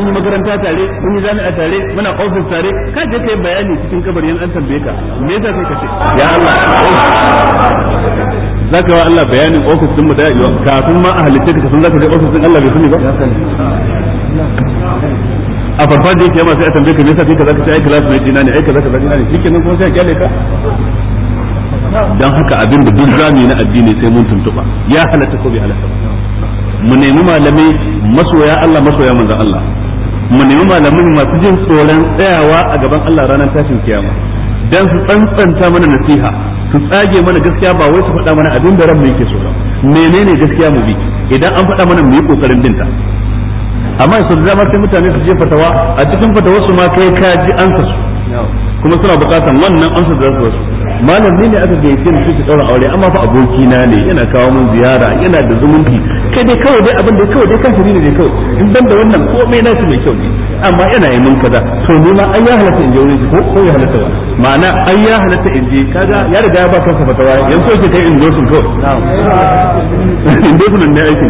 mun yi makaranta tare mun yi jami'a tare muna ofis tare ka je kai bayani cikin kabarin an tambaye ka me yasa ka ce ya Allah zaka wa Allah bayanin ofis din mu da yawa kafin ma a halitta ka san zaka je ofis din Allah bai sani ba a farfar da yake yamma sai a tambaye ka me yasa kai kaza ka ce ai class mai dina ne ai kaza kaza dina ne shikenan kuma sai a kyale ka dan haka abin da duk zamu yi na addini sai mun tuntuba ya halatta ko bai halatta mu nemi malamai masoya Allah masoya manzon Allah mu nemi malamai masu jin tsoron tsayawa a gaban Allah ranar tashin kiyama dan su tsantsanta mana nasiha su tsage mana gaskiya ba wai su faɗa mana abin da ranmu yake so ba menene gaskiya mu bi idan an faɗa mana mu yi kokarin binta amma su da dama sai mutane su je fatawa a cikin fatawa su ma kai ka ji an su kuma suna bukatan wannan ansa da su malam ne ne aka yake ni kike daura aure amma fa aboki na ne yana kawo mun ziyara yana da zumunci kai dai kawai dai abin da kawai dai kan shiri ne kawai in ban da wannan komai su mai kyau ne amma yana yi mun kaza to ni ma ai ya halatta in je wurin ko ko ya halatta ba ma'ana ai ya halatta in je kaga ya riga ya ba sa fatawa yanzu yake kai in dosun kawai in dosun ne aiki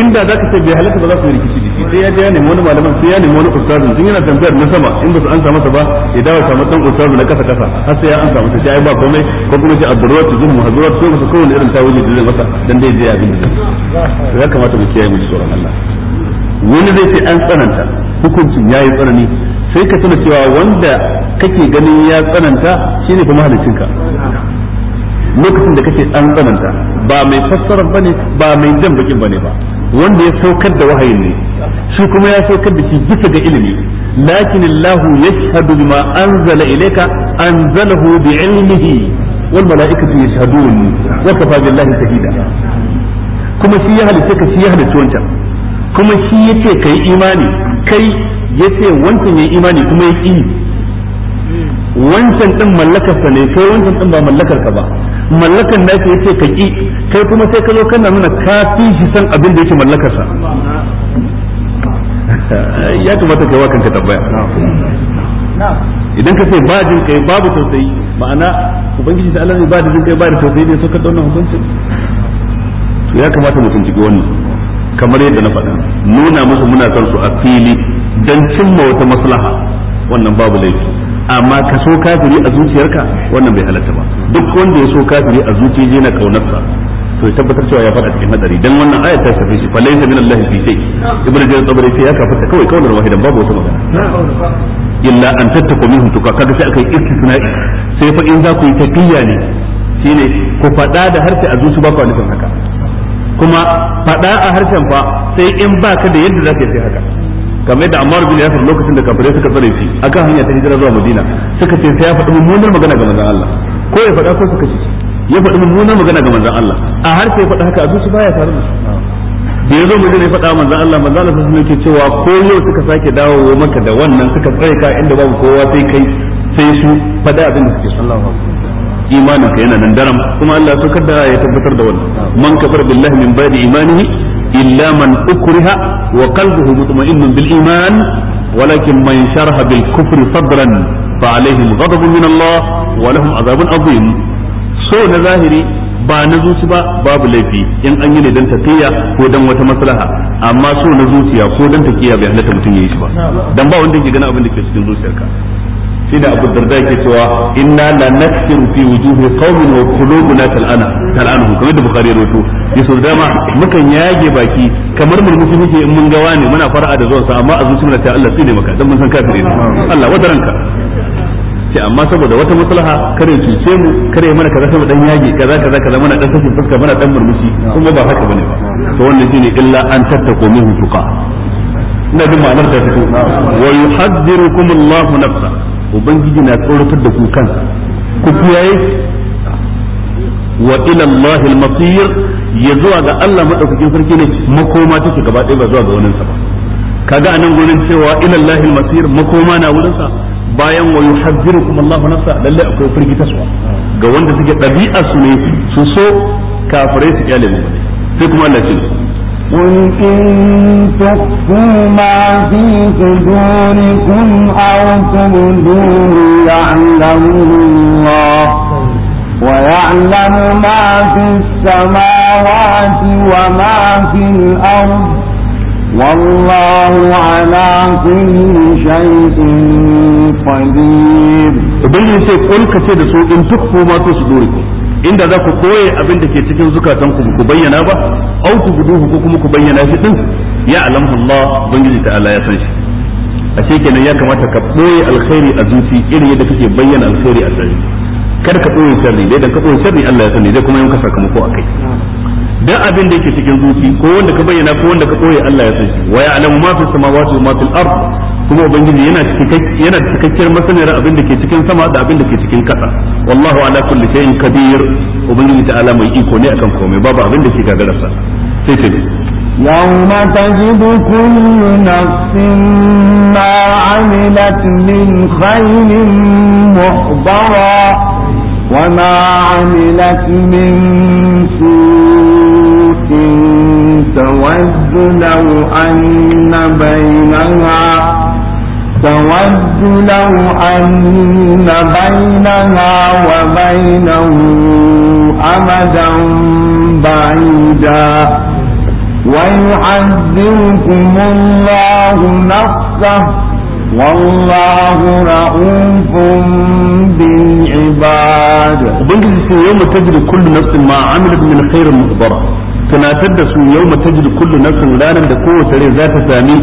inda zaka ce bai halatta ba za su yi rikici da shi sai ya je ya nemi wani malaman sai ya nemi wani ustazin tun yana tambayar na sama in ba su an masa ba ya dawo samu dan ustazu na kasa kasa har sai ya an samu sai ya ba ba komai ko kuma ce abdurrat zun mahzurat ko masa kowane irin tawili da zai masa dan dai zai abin da zai ya kamata mu kiyaye mu tsoron Allah wani zai ce an tsananta hukuncin yayi tsanani sai ka tuna cewa wanda kake ganin ya tsananta shine fa mahalicin ka lokacin da kake an tsananta ba mai fassara bane ba mai jan bakin bane ba wanda ya saukar da wahayin ne shi kuma ya saukar da shi bisa ga ilimi lakin Allah yashhadu bima anzala ilayka anzalahu bi'ilmihi wal mala'ikatu yashhadun wa kafa billahi shahida kuma shi ya halitta ka shi ya halitta wancan kuma shi yace kai imani kai yace wancan yayi imani kuma ya yi wancan din mallakar ka ne kai wancan din ba mallakar ka ba mallakar naka yace ka ki kai kuma sai ka zo kana nuna ka fi shi san abin da yake mallakar sa ya kamata kai wa kanka tabbaya idan ka sai ba jin kai babu tausayi ma'ana ubangiji da Allah ne ba da jin kai ba da tausayi ne so ka dauna hukunci to ya kamata mu tunji wannan kamar yadda na faɗa nuna musu muna son su a fili dan cimma wata maslaha wannan babu laifi amma ka so kafiri a zuciyarka wannan bai halatta ba duk wanda ya so kafiri a zuciya yana kaunarsa to ya tabbatar cewa ya faɗa cikin hadari dan wannan ayat ta shafi shi falai ta min Allah fi shay ibnu jarir tabari sai ya kafa kawai kaunar wahidan babu wata magana illa an tattaku minhum tuka kaga sai akai istisna'i sai fa in za ku yi taqiyya ne shine ku faɗa da harshe a zuci ba ku nufin haka kuma faɗa a harshen fa sai in baka da yadda zaka yi sai haka kamar da Ammar bin Yasir lokacin da kafirai suka tsare shi akan hanya ta hijira zuwa Madina suka ce sai ya faɗi mummunar magana ga manzon Allah ko ya faɗa ko suka ce ya faɗi mummunar magana ga manzon Allah a har sai faɗa haka azu su baya tare da su da ya zo mu ya faɗa manzon Allah manzon Allah sun yake cewa ko yau suka sake dawo maka da wannan suka tsare ka inda babu kowa sai kai sai su faɗa abin da suke sallallahu alaihi wasallam imanin ka yana nan daram kuma Allah so kaddara ya tabbatar da wannan man kafar billahi min ba'di imanihi illa man ukriha wa qalbuhu mutma'innun bil iman walakin man sharaha bil kufri sadran fa alaihim ghadabun min Allah wa lahum azabun azim so na zahiri ba na zuci ba babu laifi in an yi ne dan tafiya ko dan wata maslaha amma so na zuciya ko dan tafiya bai halatta mutum yayi shi ba dan ba wanda yake gani da ke cikin zuciyarka shine abu darda yake cewa inna la nakthiru fi wujuhi qaumin wa qulubuna tal'ana tal'ana kamar da bukhari ya rawaito yaso dama mukan yage baki kamar murmushi muke in mun ga wani muna fara'a da zuwansa amma a zuciya ta Allah tsine maka dan mun san kafiri Allah wadaranka ce amma saboda wata maslaha kare cuce mu kare mana kaza saboda dan yage kaza kaza kaza mana dan sakin fuska muna dan murmushi kuma ba haka bane ba to wannan shine illa an tattako minhu tuqa ina bin ma'anar ta fito wa yuhaddirukum Allah nafsa ubangiji na tsoratar da ku kan ku kiyaye wa ila Allah al-masir ya zuwa ga Allah madaukakin sarki ne makoma take gaba ɗaya ba zuwa ga wani sa ba kaga anan gurin cewa ila Allah al-masir makoma na wurin sa bayan wa yuhaddirukum Allah nafsa lalle akwai firgita su ga wanda suke ɗabi'a su ne su so kafirai su kyale mu sai kuma Allah ce قل إن تخفوا ما في صدوركم أو تبدوه يعلم الله ويعلم ما في السماوات وما في الأرض والله على كل شيء قدير. وبين قل كثير إن تخفوا ما في صدوركم inda za ku koye abin da ke cikin zukatan ku ku bayyana ba au ku guduhu ko kuma ku bayyana shi din ya alamhu Allah ubangiji ta Allah ya san shi ashe kenan ya kamata ka boye alkhairi a zuci irin yadda kake bayyana alkhairi a zuci kar ka boye sharri dai dan ka boye sharri Allah ya sani zai kuma yanka sakamako akai da abin da yake cikin zuci ko wanda ka bayyana ko wanda ka koye Allah ya san shi wa ya'lamu ma fi samawati wa ma fil ard kuma ubangiji yana yana cikakken masaniyar abin da ke cikin sama da abin da ke cikin kasa wallahu ala kulli shay'in kabir ubangiji ta'ala mai iko ne akan komai babu abin da ke sa sai ce يوم تجد كل نفس ما عملت من خير محضرا وما عملت من سوء تود لو أن بينها تود لو أن بينها وبينه أمدا بعيدا ويحذركم الله نفسه والله رؤوف بالعباد وبنجد في يوم تجد كل نفس ما عملت من خير مخبرة tunatar da su yau mata jiri kullu nafsin ranar da kowace rai za ta sami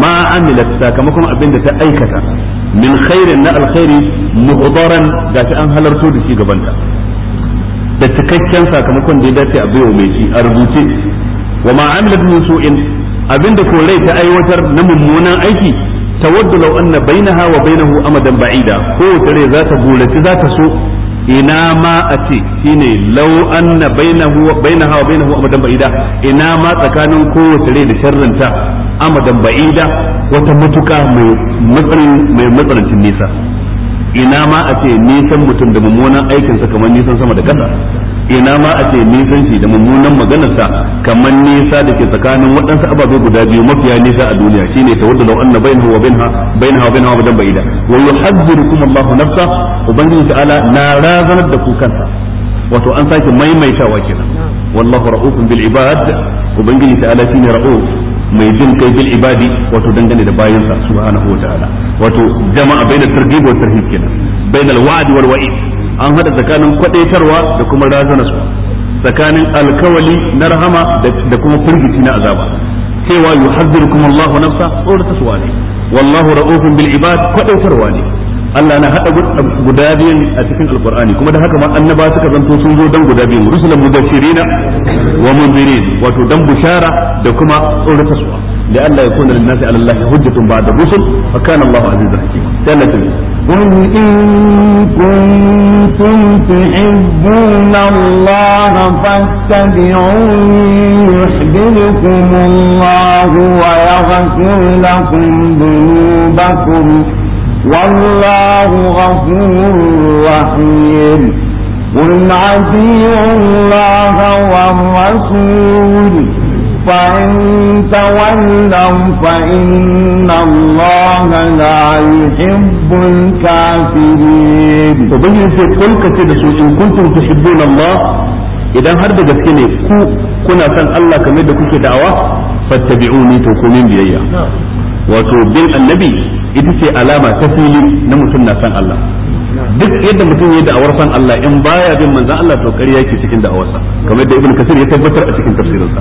ma amilat sakamakon abin da ta aikata min khairin na alkhairi muhdaran gashi an halarto da shi gabanta da cikakken sakamakon da ya dace a baiwa mai shi a rubuce wa ma amilat min su'in abin da rai ta aiwatar na mummunan aiki tawaddu law anna bainaha wa bainahu amadan ba'ida kowace rai za ta gulaci za ta so ina ma a ce shine law anna bainahu wa bainaha wa bainahu amadan ba'ida ina ma tsakanin kowace rai da sharranta amadan ba'ida wata mutuka mai matsanin matsanancin nisa ina ma a ce nisan mutum da mummunan aikinsa kamar nisan sama da kasa ina ma a ce nisanci da mummunan maganarsa kamar nisa da ke tsakanin waɗansu ababe guda biyu mafiya nisa a duniya shine ta tawaddu law anna bainahu wa bainaha bainaha wa bainaha madan ba'ida wa yuhadhdhirukum Allahu nafsa ubangiji ta'ala na razanar da ku kansa wato an sake maimaitawa kenan wallahu ra'ufun bil ibad ubangiji ta'ala shine ra'uf mai jin kai bil ibadi wato dangane da bayansa subhanahu wa ta'ala wato jama'a bainat targhib wa tarhib kenan bainal wa'd wal wa'id an hada tsakanin kwadaitarwa da kuma razana su tsakanin alkawali na rahama da kuma firgici na azaba cewa yuhaddirukum Allahu nafsa tsoratarwa ne wallahu ra'ufun bil ibad kwadaitarwa ne Allah na hada guda biyan a cikin alqur'ani kuma da haka ma annaba suka zanto sun zo dan guda biyan rusulan mubashirina wa munzirin wato dan bushara da kuma tsoratarwa لئلا يكون للناس على الله حجة بعد الرسل فكان الله عزيزا حكيما ثالثا قل إن كنتم تحبون الله فاتبعوني يحببكم الله ويغفر لكم ذنوبكم والله غفور رحيم قل عزيز الله والرسول فإن تولوا فإن الله لا يحب الكافرين وبين في كل كتير إن كنتم تحبون الله idan har da gaske ne ku kuna son Allah kamar da kuke da'awa fattabi'uni to ku min biyayya wato bil annabi ita ce alama ta fili na mutum na son Allah duk yadda mutum ya da'awar san Allah in baya bin manzan Allah to kari yake cikin da'awarsa kamar yadda ibn kasir ya tabbatar a cikin tafsirinsa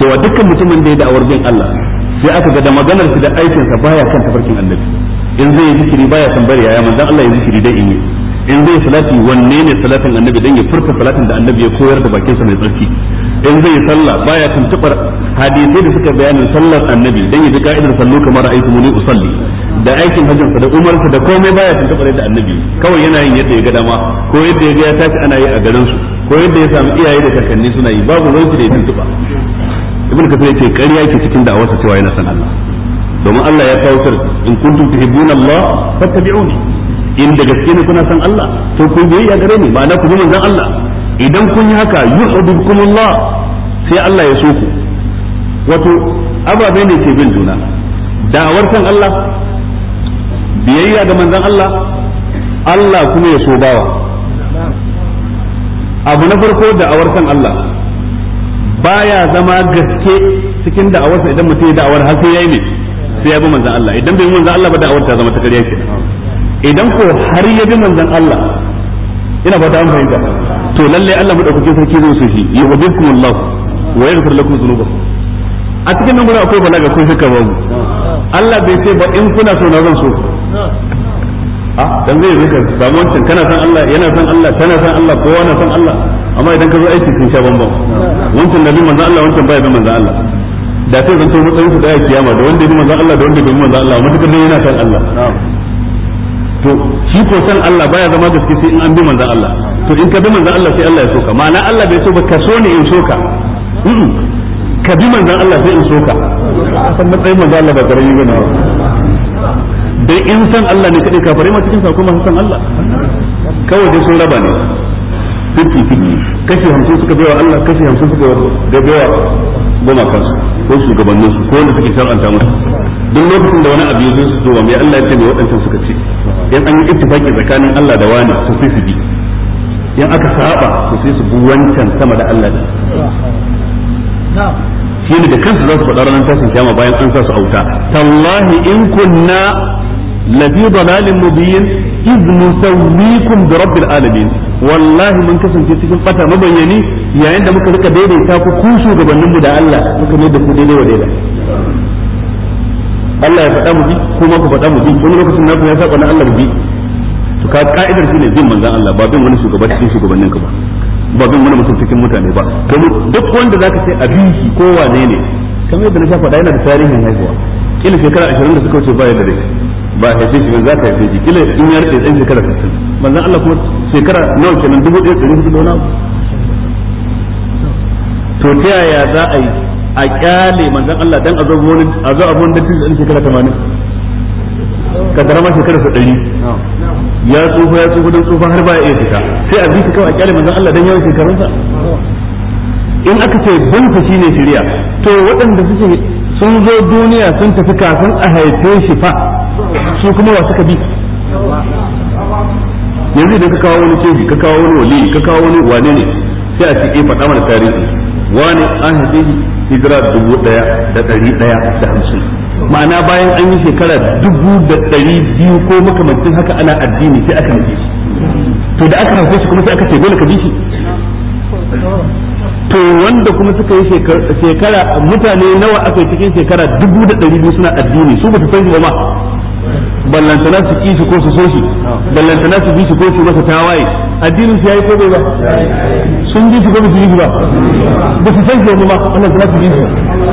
cewa dukkan mutumin da ya da'awar bin Allah sai aka ga da maganar shi da aikinsa baya kan tafarkin annabi in zai yi zikiri baya tambari yaya manzan Allah ya zikiri dai in yi in zai salati wanne ne salatin annabi dan ya furta salatin da annabi ya koyar da sa mai tsarki in zai sallah baya tuntubar hadisai da suka bayanin sallar annabi dan ya ji ka'idar sallu kamar ra'aytu muni usalli da aikin hajjin sa da umar sa da komai baya tuntubar da annabi kawai yana yin yadda ya ga dama ko yadda ya ga ya tashi ana yi a garin su ko yadda ya samu iyaye da kakanni suna yi babu ruwan da ya tuntuba ibn kafir yace ƙarya yake cikin da'awarsa cewa yana san Allah domin Allah ya kawo in kuntum tuhibbuna Allah fattabi'uni in da gaske ne kuna san Allah to ku biyayya gare ni ma'ana ku bi manzon Allah idan kun yi haka Allah sai Allah ya so ku wato ababe ne ke bin juna da'awar san Allah biyayya ga manzon Allah Allah kuma ya so bawa abu na farko da'awar san Allah baya zama gaske cikin da'awar da'awarsa idan mutum ya da'awar har sai yayi ne sai ya bi manzon Allah idan bai manzon Allah ba da'awar ta zama ta ƙarya kenan idan ko har ya bi manzon Allah ina ba ta an fahimta to lalle Allah madaukakin sarki zai so shi yuhibbukum Allah wa yaghfir lakum dhunubakum a cikin nan gura akwai balaga ko shakka babu Allah bai ce ba in kuna so na zan so a ah, dan zai zuka samu wancan kana san Allah yana san Allah kana san Allah kowa na san Allah amma idan ka zo aiki kin sha bambam wancan nabi manzon Allah wancan bai bi manzon Allah da sai zan to mutsayin su daya kiyama da wanda ya bi manzon Allah da wanda bai bi manzon Allah matukar ne yana san Allah to shi ko san Allah baya zama gaske sai in an bi manzon Allah to in ka bi manzon Allah sai Allah ya soka ma'ana Allah bai so ba ka so ne in soka ka bi manzon Allah sai in soka a san matsayin manzon Allah ba karami ba ne dai in san Allah ne kadai kafare ma cikin sako ma san Allah kawai dai sun raba ne fifty fifty kashi hamsin suka bai wa Allah kashi hamsin suka bai wa goma kansu ko shugabanninsu ko wanda suke shar'anta musu duk lokacin da wani abu ya zo su zuwa mai Allah ya ce mai waɗancan suka ce yan an yi ittifaki tsakanin Allah da wani su sai su bi yan aka saba su sai su bi wancan sama da Allah shi ne da kansu za su faɗa ranar tashin kiyama bayan an sa su auta tallahi in kunna lafi dalalin mubiyin iz musawwikum bi rabbil alamin wallahi mun kasance cikin bata mabayyani yayin da muka rika daidaita ku ku shugabannin mu da Allah muka mai da ku daidai wa daidai Allah ya faɗa mu bi ko ma ku faɗa mu ji wani lokacin ku ya saba na Allah bi to ka ka'idar shine bin manzon Allah ba bin wani shugaba cikin shugabannin ka ba ba bin wani mutum cikin mutane ba to duk wanda zaka ce a bin shi ko wane ne kamar yadda na sha faɗa yana da tarihin haihuwa kila shekara 20 da suka wuce ba yadda dai ba a haife shi ba za ka haife shi kila in ya rike dan shekara 60 manzon Allah kuma shekara nawa kenan 1400 da wani to ta yaya za a yi a kyale manzon Allah dan a zo wani a abun da tilin da shekara 80 ka garama shekara 100 ya tsufa ya tsufa dan tsufa har ba ya iya fita sai a bisa kawai a kyale manzon Allah dan yawan sa in aka ce binta shine shari'a to waɗanda suke sun zo duniya sun tafi kafin a haife shi fa su kuma wa suka bi yanzu idan ka kawo wani keji ka kawo wani wali ka kawo wani wane ne sai a ce eh faɗa mana tarihi wani an hijira dubu daya da dari daya da hamsin ma'ana bayan an yi shekara dubu da dari biyu ko makamancin haka ana addini sai aka nufi shi to da aka nufi shi kuma sai aka ce dole ka bi shi to wanda kuma suka yi shekara mutane nawa aka yi cikin shekara dubu da dari biyu suna addini su ba su san ba ballantana su ki shi ko su so shi ballantana su bi shi ko su masa tawaye addinin su yayi ko bai ba sun bi shi ko bi shi ba ba su san shi ba wannan su bi shi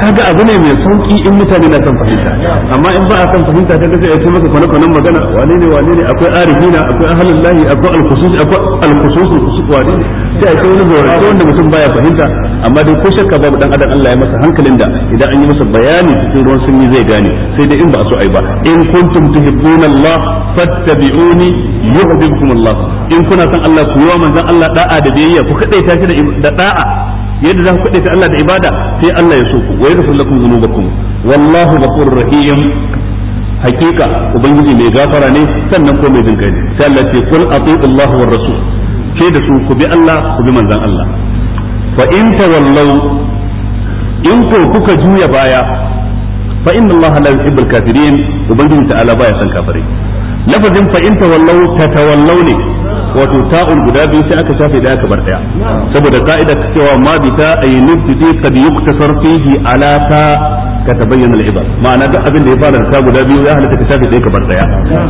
kaga abu ne mai sauki in mutane na kan fahimta amma in ba a kan fahimta ta gaza ya ce maka kwana kwanan magana wane ne wane ne akwai arihina akwai ahalin lahi akwai alkhusus akwai alkhusus wane ne sai ce wani gaurace wanda mutum baya fahimta amma dai ko shakka babu dan adam Allah ya masa hankalin da idan an yi masa bayani cikin ruwan sunni zai gane sai dai in ba a so ai ba in kuntum tuhibbuna Allah fattabi'uni yuhibbukum Allah in kuna san Allah ku yi wa manzon Allah da'a da biyayya ku kadaita shi da da'a yadda za ku kade ta Allah da ibada sai Allah ya so ku wa yaghfir lakum dhunubakum wallahu ghafurur rahim hakika ubangiji mai gafara ne sannan ko mai jin kai sai Allah ce kul atiqu Allah war rasul ke da su ku bi Allah ku bi manzon Allah fa in tawallu in ko kuka juya baya fa inna Allah la yuhibbul kafirin ubangiji ta'ala baya san kafirai lafazin fa in tawallu tatawallu ne wato ta'un guda biyu sai aka shafe da aka bar daya saboda ka'ida ta cewa ma bi ta ay nubtidi kad yuktasar fihi ala ta ka tabayyana al-ibar ma'ana duk abin da ya fara ta guda biyu ya halatta ka shafe da aka bar daya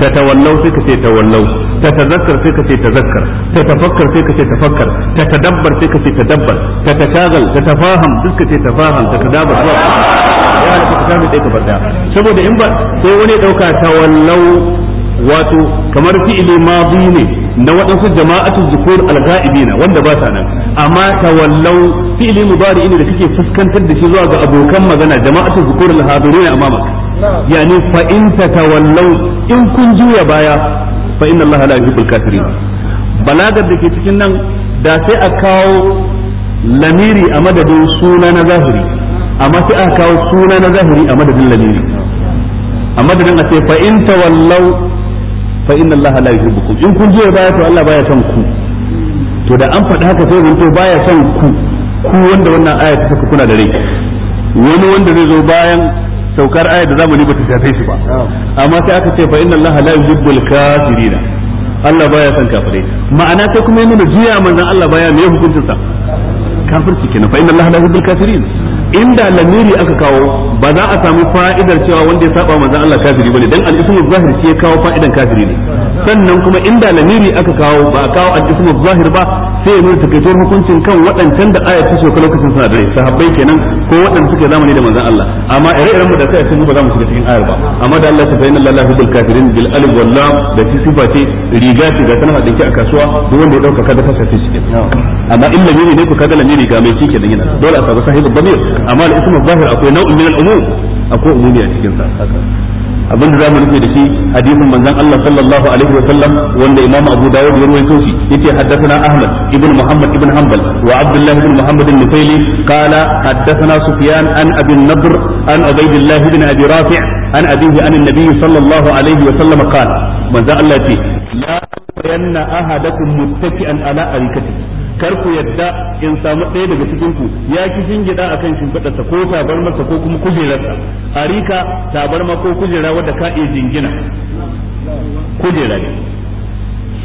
ta tawallau sai ka ce tawallau ta tazakkar sai ka ce tazakkar ta tafakkar sai ka ce tafakkar ta tadabbar sai ka ce tadabbar ta tashagal ta tafaham duk ka ce tafaham ta tadabbar ya halatta ka shafe da aka bar daya saboda in ba sai wani dauka tawallau wato kamar fi'ili ma ne na waɗansu jama'atu zukur al-ghaibina wanda ba sa nan amma tawallau fi'ili mubari ne da kake fuskantar da shi zuwa ga abokan magana jama'atu zukur al-hadirina amama yani fa in Tawallau in kun juya baya fa inna Allah la yuhibbul kafirin balagar da ke cikin nan da sai a kawo lamiri a madadin suna na zahiri amma sai a kawo suna na zahiri a madadin lamiri a madadin a sai fa in tawallau fa inna allaha la yuhibbukum in kun je baya to Allah baya son ku to da an faɗi haka sai mun to baya son ku ku wanda wannan aya ta saka kuna da rai wani wanda zai zo bayan saukar aya da zamani bata shafe shi ba amma sai aka ce fa inna allaha la yuhibbul kafirina Allah baya son kafirai ma'ana sai kuma ya nuna juya manzon Allah baya me hukuncin sa kafirci kenan fa inna allaha la yuhibbul kafirin inda lamiri aka kawo ba za a samu fa'idar cewa wanda ya saba manzon Allah kafiri bane dan al-ismu zahir shi ya kawo fa'idan kafiri ne sannan kuma inda lamiri aka kawo ba a kawo al-ismu zahir ba sai mun takaitar hukuncin kan waɗancan da ayat ta soka lokacin sa da sahabbai kenan ko waɗanda suke zamani da manzon Allah amma ire-iren mu da sai sun ba za mu shiga cikin ayar ba amma da Allah ta bayyana lillahi bil kafirin bil alif wal lam da shi sifa ce riga ce ga tana dake a kasuwa duk wanda ya dauka kada ka sace shi amma in lamiri ne ko kada lamiri ga mai shi kenan yana dole a samu sahibul damir amma da ismu zahir akwai nau'in min al-umum akwai umumi a cikin sa abin da zamu rufe da shi hadisin manzon Allah sallallahu alaihi wa sallam wanda imamu Abu Dawud ya rawaito shi yace haddathana Ahmad ibn Muhammad ibn Hanbal wa Abdullah ibn Muhammad an-Nufaili qala haddathana Sufyan an Abi Nadr an Ubaydillah ibn Abi Rafi' an abihi an an-nabiy sallallahu alaihi wa sallam qala manzon Allah ce la yanna ahadakum muttaki'an ala arikatihi kar ku yadda in samu ɗaya daga cikin ku ya ki jingida akan shimfiɗarsa ko tabarmarsa ko kuma kujerarsa a rika tabarma ko kujera wadda ka iya jingina kujera ne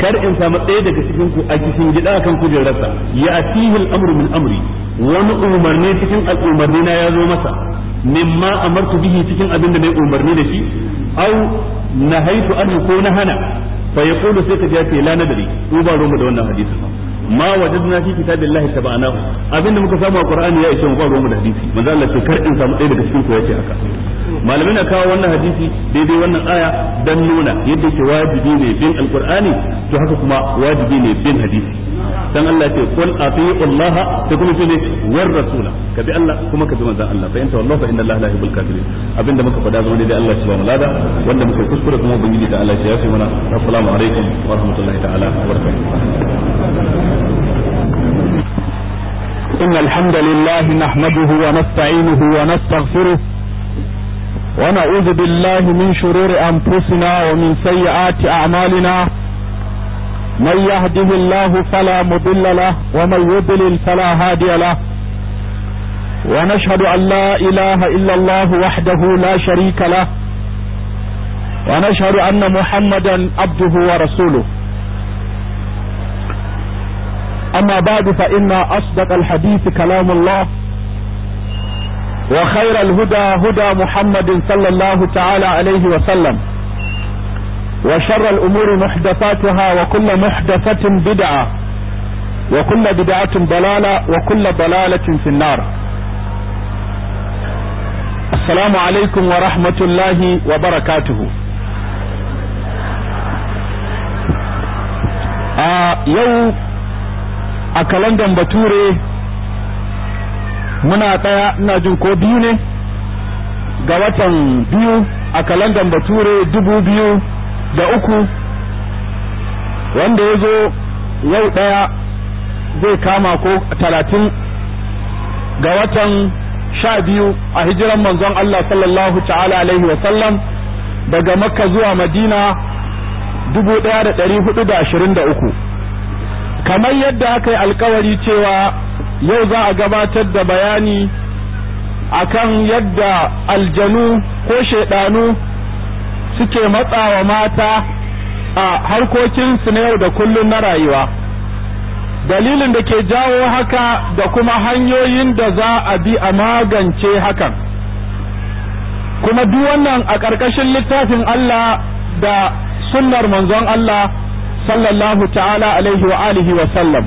kar in samu ɗaya daga cikin ku a cikin gida akan kujerarsa ya atihil amru min amri wani umarni cikin al'umarni na ya zo masa mimma amartu bihi cikin abin da mai umarni da shi au nahaitu an ko na hana fa yaqulu sai ka ji la nadari ko ba ruwa da wannan hadisin ma wajadna fi kitabillahi tabanahu abinda muka samu a qur'ani ya ishe mu ba ruwan da hadisi manzo Allah ce kar in samu ɗaya daga cikin ku yace haka malamai na kawo wannan hadisi daidai wannan aya dan nuna yadda yake wajibi ne bin alqur'ani to haka kuma wajibi ne bin hadisi dan Allah ce qul atiiu Allah ta kuma ce ne war rasula ka bi Allah kuma ka bi manzo Allah fa in tawallahu fa inna Allah la yuhibbul kafirin abinda muka faɗa zama daidai Allah subhanahu wa ta'ala wanda muka kuskure kuma ubangiji da Allah ya yafe mana assalamu alaikum wa rahmatullahi ta'ala wa barakatuh الحمد لله نحمده ونستعينه ونستغفره ونعوذ بالله من شرور أنفسنا ومن سيئات أعمالنا من يهده الله فلا مضل له ومن يضلل فلا هادي له ونشهد أن لا إله إلا الله وحده لا شريك له ونشهد أن محمدا عبده ورسوله أما بعد فإن أصدق الحديث كلام الله وخير الهدى هدى محمد صلى الله تعالى عليه وسلم وشر الأمور محدثاتها وكل محدثة بدعة وكل بدعة ضلالة وكل ضلالة في النار السلام عليكم ورحمة الله وبركاته آه، يوم a kalandan bature muna ɗaya ina jin ko biyu ne ga watan biyu a kalandan bature dubu biyu da uku wanda ya zo yau ɗaya zai kama ko talatin ga watan sha biyu a hijiran manzon Allah sallallahu ta'ala alaihi wasallam daga makka zuwa madina dubu ɗaya da ɗari hudu da ashirin da uku kamar yadda aka yi alkawari cewa yau za a gabatar da bayani a kan yadda aljanu ko shaidanu suke matsawa mata a harkokinsu na yau da kullum na rayuwa dalilin da ke jawo haka da kuma hanyoyin da za a bi a magance hakan kuma duk wannan a ƙarƙashin littafin Allah da sunnar manzon Allah sallallahu ta'ala alaihi wa alihi wa sallam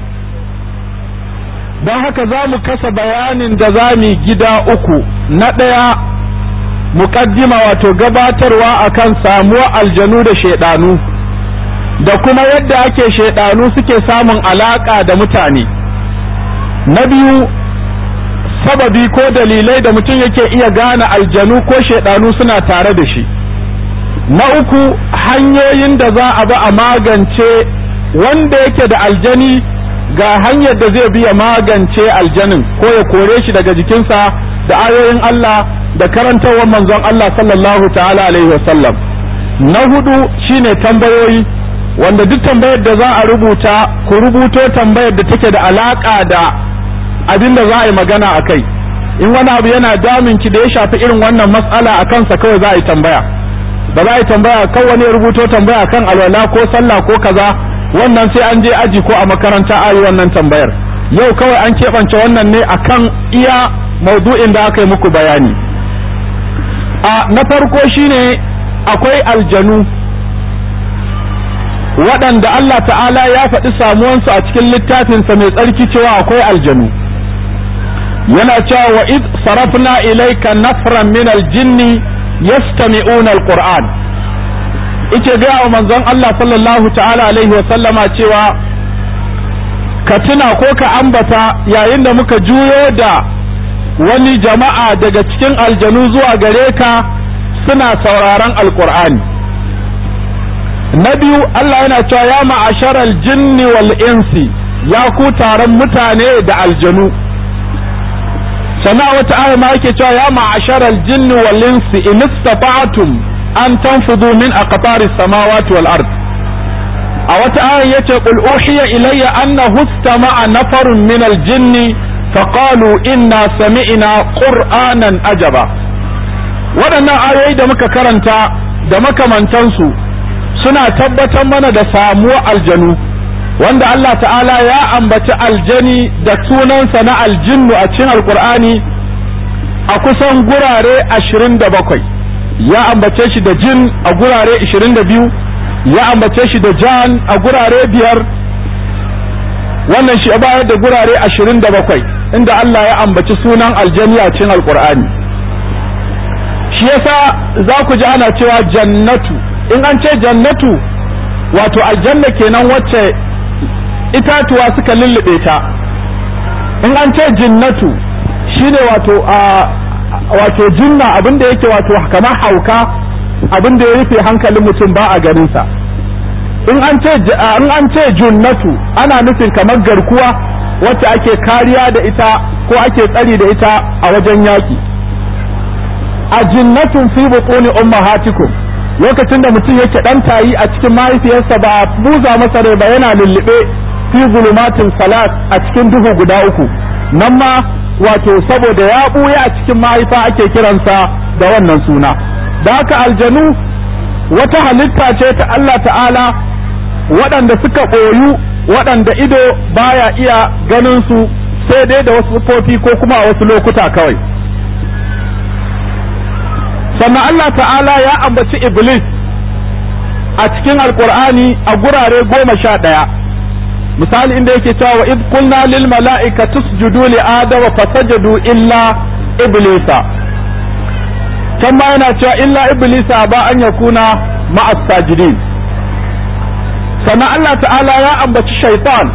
don haka za mu kasa bayanin da za mu gida uku na ɗaya muƙaddima wato gabatarwa akan samuwar aljanu da shaiɗanu. da kuma yadda ake shaiɗanu suke samun alaƙa da mutane na biyu sababi ko dalilai da mutum yake iya gane aljanu ko shaiɗanu suna tare da shi na uku hanyoyin da za a bi a magance wanda yake da aljani ga hanyar da zai biya magance aljanin ko ya kore shi daga jikinsa da ayoyin Allah da karantarwar manzon Allah sallallahu ta'ala alaihi wasallam na hudu shine tambayoyi wanda duk tambayar da za a rubuta ku rubuto tambayar da take da alaka da abin da za a yi magana a kai in wani abu yana damin ki da ya shafi irin wannan matsala a kansa kawai za a yi tambaya ba za a yi tambaya kan wani rubuto tambaya kan alwala ko sallah ko kaza wannan sai an je aji ko a makaranta ayi wannan tambayar yau kawai an keɓance wannan ne akan iya maudu'in da aka yi muku bayani a na farko shine akwai aljanu waɗanda Allah ta'ala ya faɗi su a cikin littafinsa mai tsarki cewa akwai aljanu yana cewa wa iz sarafna ilayka nafran min aljinni yastami'una alquran ike ga wa manzon Allah sallallahu ta'ala alaihi wa sallama cewa ka tuna ko ka ambata yayin da muka juyo da wani jama'a daga cikin aljanu zuwa gare ka suna sauraron alkur'ani. na biyu Allah yana cewa ya ma'asharal jinni wal insi ya ku taron mutane da aljanu sannan a wata aya ma yake cewa ya ma'ashara al-jinn wal insi in an tanfudu min aqtari samawati wal ard a wata ya yace qul uhiya ilayya annahu istama'a nafarun min al-jinni faqalu inna sami'na qur'anan ajaba waɗannan ayoyi da muka karanta da makamantansu suna tabbatar mana da samuwar aljanu wanda Allah ta'ala ya ambaci aljani da sunansa na aljinnu a cikin alkur'ani a kusan gurare 27 ya ambace shi da jin a gurare 22 ya ambace shi da jan a gurare biyar wannan shi bayar da gurare 27 inda Allah ya ambaci sunan aljani a cikin alkur'ani shi yasa za ku ji ana cewa jannatu in an ce jannatu wato aljanna kenan wacce itatuwa suka lullube ta in an ce jinnatu shine wato a wato jinna abin da yake wato kamar hauka abin da ya rufe hankalin mutum ba a ganinsa in an ce in an ce junnatu ana nufin kamar garkuwa wacce ake kariya da ita ko ake tsari da ita a wajen yaki a jinnatun fi buquni ummahatikum lokacin da mutum yake dan tayi a cikin mahaifiyarsa ba buza masa rai ba yana lullube fi zulumatin salat a cikin duhu guda uku nan ma wato saboda ya buya a cikin mahaifa ake kiransa da wannan suna da haka aljanu wata halitta ce ta Allah ta'ala waɗanda suka ɓoyu waɗanda ido baya iya ganin su sai dai da wasu kofi ko kuma a wasu lokuta kawai sannan Allah ta'ala ya ambaci iblis a cikin alkur'ani a gurare goma sha ɗaya misali inda yake cewa wa id qulna lil mala'ika tusjudu li adama fasajadu illa iblisa can ma yana cewa illa iblisa ba an yakuna ma'as sajidin sannan Allah ta'ala ya ambaci shaitan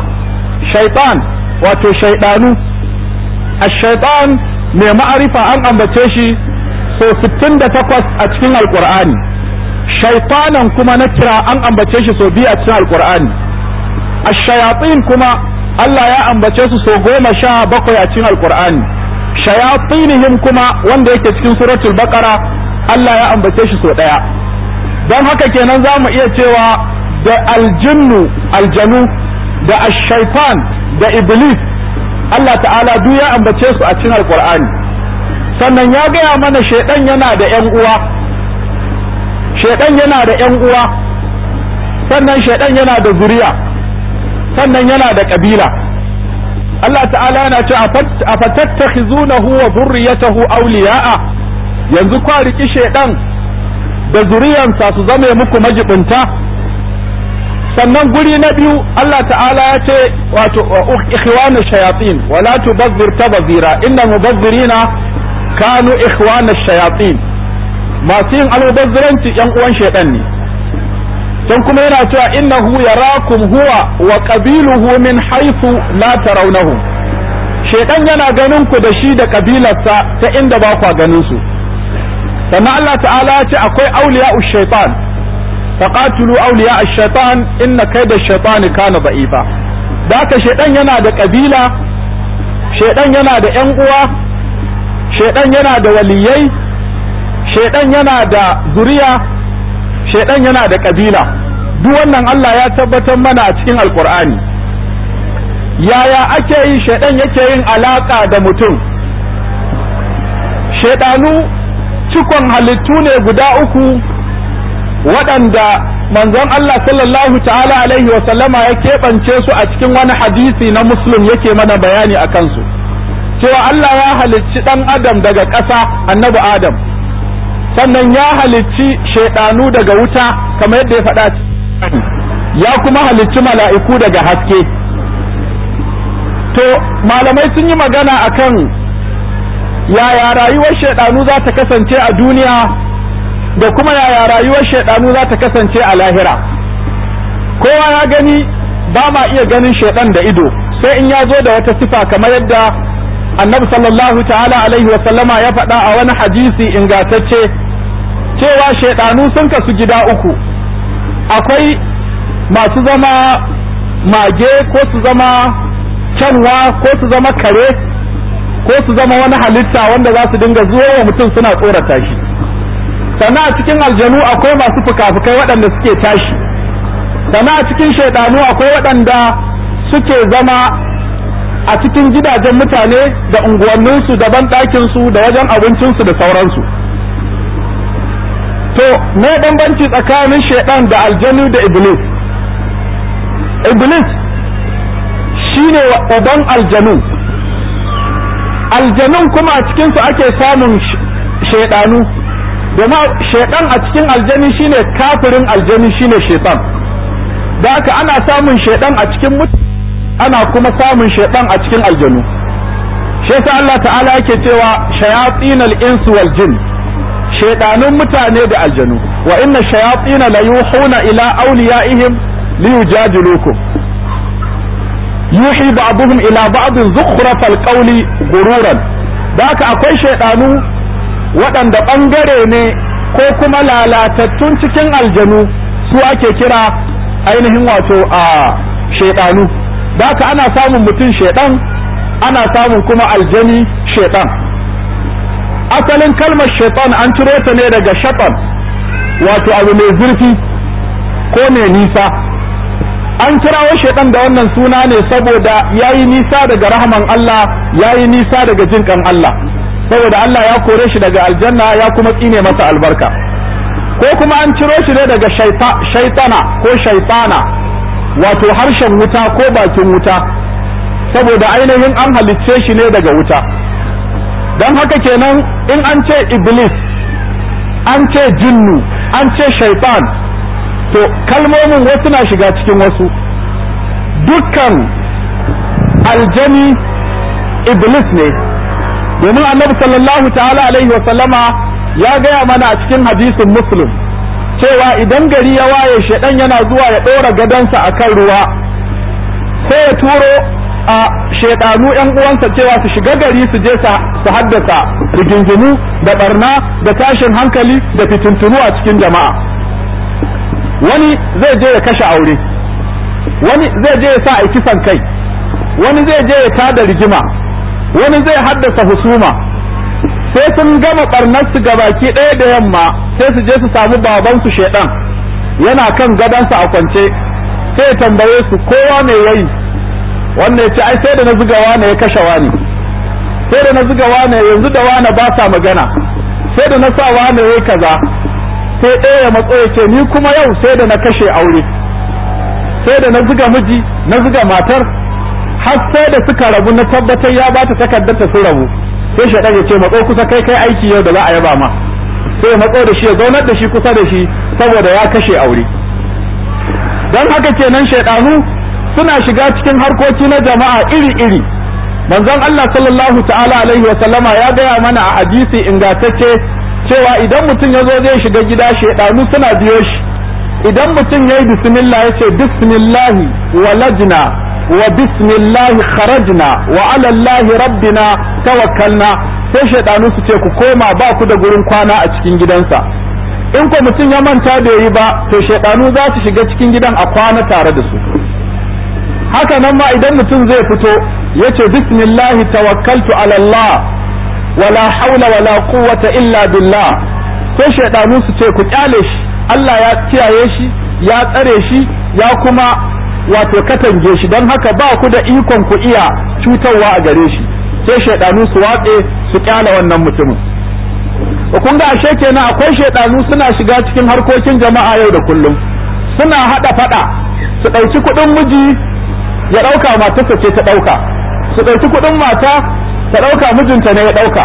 shaitan wato shaidanu ash-shaitan mai ma'arifa an ambace shi so 68 a cikin alqur'ani shaitanan kuma na kira an ambace shi so biyu a cikin alqur'ani ash-shayatin kuma Allah ya ambace su so goma sha bakwai a cikin alqur'ani shayatinihim kuma wanda yake cikin suratul baqara Allah ya ambace shi so ɗaya don haka kenan za mu iya cewa da aljinnu aljanu da ash-shaytan da iblis Allah ta'ala duk ya ambace su a cikin alqur'ani sannan ya gaya mana shaiɗan yana da yan uwa shaidan yana da yan uwa sannan shaiɗan yana da zuriya sannan yana da kabila Allah ta'ala yana ce a fatattakhizunahu wa dhurriyyatahu awliya'a yanzu kwa riki shedan da zuriyansa su zame muku majibinta sannan guri na biyu Allah ta'ala ya ce wato ikhwanu shayatin wala tubazzir tabazira inna mubazzirina kanu ikhwanu shayatin masu yin almubazziranci yan uwan shedan ne dan kuma yana cewa innahu yarakum huwa wa qabiluhu min haythu la tarawnahu shaytan yana ganin ku da shi da kabilarsa ta inda ba ku ganin su sannan Allah ta'ala ya ce akwai awliya'u shaytan faqatulu ash shaytan inna kayda shaytani kana da'ifa da shaytan yana da kabila shaytan yana da yan uwa shaytan yana da waliyai shaytan yana da zuriya shaidan yana da kabila duk wannan Allah ya tabbatar mana a cikin alkur'ani yaya ake yi shaidan yake yin alaka da mutum shaidanu cikon halittu ne guda uku waɗanda manzon Allah sallallahu ta'ala alaihi wa sallama ya keɓance su a cikin wani hadisi na muslim yake mana bayani a kansu cewa Allah ya halicci ɗan adam daga ƙasa annabi adam sannan ya halicci shaidanu daga wuta kamar yadda ya faɗa ya kuma halicci mala'iku daga haske to malamai sun yi magana akan yaya rayuwar shaidanu za ta kasance a duniya da kuma yaya rayuwar shaidanu za ta kasance a lahira kowa ya gani ba ma iya ganin shaidan da ido sai in ya zo da wata sifa kamar yadda annabi sallallahu ta'ala alaihi wa ya faɗa a wani hadisi ingantacce cewa shaidanu sun kasu gida uku akwai masu zama mage ko su zama canwa ko su zama kare ko su zama wani halitta wanda za su dinga zuwa wa mutum suna tsorata shi sannan a cikin aljanu akwai masu fuka waɗanda suke tashi sannan a cikin shaidanu akwai waɗanda suke zama a cikin gidajen mutane da unguwanninsu da banɗakinsu da wajen abincinsu da sauransu to me banci tsakanin shaidan da aljanu da iblis iblis shine uban aljanu aljanun kuma a cikinsu ake samun shaidanu domin shaidan a cikin aljani shine kafirin aljani shine shaitan da haka ana samun shaidan a cikin ana kuma samun shaidan a cikin aljanu shi yasa Allah ta'ala yake cewa shayatin insu wal jinn shedanun mutane da aljanu wa inna shayatin la yuhuna ila awliyaihim liyujadilukum yuhi ba'dhum ila ba'd zukhrafal qawli gururan daka akwai shedanu waɗanda bangare ne ko kuma lalatattun cikin aljanu su ake kira ainihin wato a shedanu haka ana samun mutum shedan ana samun kuma aljani shedan asalin kalmar shaitan an ciro ta ne daga shatan wato abu mai zurfi ko mai nisa an kirawo shaitan da wannan suna ne saboda ya yi nisa daga rahaman Allah ya yi nisa daga jinkan Allah saboda Allah ya kore shi daga aljanna ya kuma tsine masa albarka ko kuma an ciro shi ne daga shaitana ko shaitana wato harshen wuta ko bakin wuta saboda ainihin an halicce shi ne daga wuta don haka kenan in an ce iblis an ce jinnu an ce shaitan to kalmomin wasu na shiga cikin wasu dukkan aljani iblis ne domin annabi sallallahu ta'ala alaihi wa sallama ya gaya mana a cikin hadisin muslim cewa idan gari ya waye shaɗan yana zuwa ya ɗora gadonsa a kan ruwa sai ya turo a shekaru yan uwansa cewa su shiga gari su je su haddasa rigingimu da barna da tashin hankali da fitintunu a cikin jama'a wani zai je ya kashe aure wani zai je ya sa a kisan kai wani zai je ya tada rigima wani zai haddasa husuma sai sun gama barnarsu baki ɗaya da yamma sai su je su samu babansu shedan yana kan gadansa a kwance sai tambaye su kowa mai yayi wannan ya ce ai sai da na zuga wane ya kashe wani sai da na zuga wane yanzu da wane ba sa magana sai da na sa wane ya kaza sai ɗaya ya matso ya ce ni kuma yau sai da na kashe aure sai da na zuga miji na zuga matar har sai da suka rabu na tabbatar ya bata takardar ta sun rabu sai shaɗan ya ce matso kusa kai kai aiki yau da za a yaba ma sai ya matso da shi ya zaunar da shi kusa da shi saboda ya kashe aure don haka kenan shaidanu suna shiga cikin harkoki na jama'a iri-iri manzon Allah sallallahu ta'ala alaihi wa sallama ya gaya mana a hadisi ingantacce cewa idan mutum ya zo zai shiga gida shaidanu suna biyo shi idan mutum ya yi bismillah ya ce bismillahi walajna wa bismillahi kharajna wa alallahi rabbina tawakkalna sai shaidanu su ce ku koma ba ku da gurin kwana a cikin gidansa in ko mutum ya manta da yi ba to shaidanu za su shiga cikin gidan a kwana tare da su haka nan ma idan mutum zai fito ya ce bismillahi tawakkaltu ala Allah wala haula wala quwwata illa billah sai shaidanu su ce ku kyale shi Allah ya kiyaye shi ya tsare shi ya kuma wato katange shi don haka ba ku da ikon ku iya cutarwa a gare shi sai shaidanu su watse su kyale wannan mutumin kun ga ashe kenan akwai shaidanu suna shiga cikin harkokin jama'a yau da kullum suna hada fada su ɗauki kuɗin miji ya ɗauka matarsa ce ta ɗauka su ɗauki kuɗin mata ta ɗauka mijinta ne ya ɗauka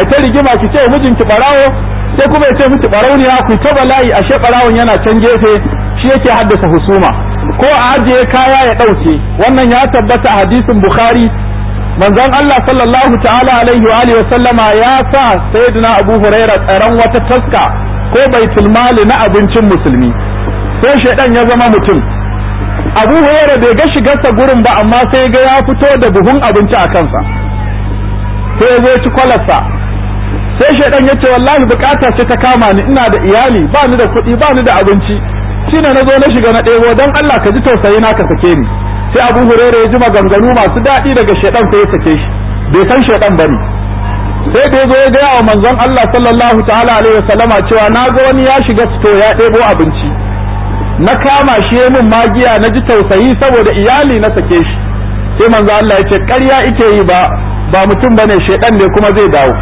ai ta rigima ki ce mijinki ɓarawo sai kuma ya ce miki ɓarauniya ku ta bala'i ashe ɓarawon yana can gefe shi yake haddasa husuma ko a ajiye kaya ya ɗauke wannan ya tabbata a hadisin bukhari manzon Allah sallallahu ta'ala alaihi wa alihi wa sallama ya sa sayyidina Abu huraira tsaron wata taska ko baitul mali na abincin musulmi sai ɗan ya zama mutum abu hore bai ga shigarsa gurin ba amma sai ga ya fito da buhun abinci a kansa sai ya zo ci kwalarsa sai shaidan ya ce wallahi bukata ce ta kama ni ina da iyali ba ni da kuɗi ba ni da abinci shine na zo na shiga na ɗebo don Allah ka ji tausayi na ka sake ni sai abu hurairu ya ji maganganu masu daɗi daga shaidan sai ya sake shi bai san shaidan ne sai da zo ya gaya wa manzon Allah sallallahu ta'ala alaihi wasallama cewa na ga wani ya shiga fito ya ɗebo abinci na kama shi ya min magiya na ji tausayi saboda iyali na sake shi sai manzo Allah ya ce ƙarya ike yi ba ba mutum bane shedan ne kuma zai dawo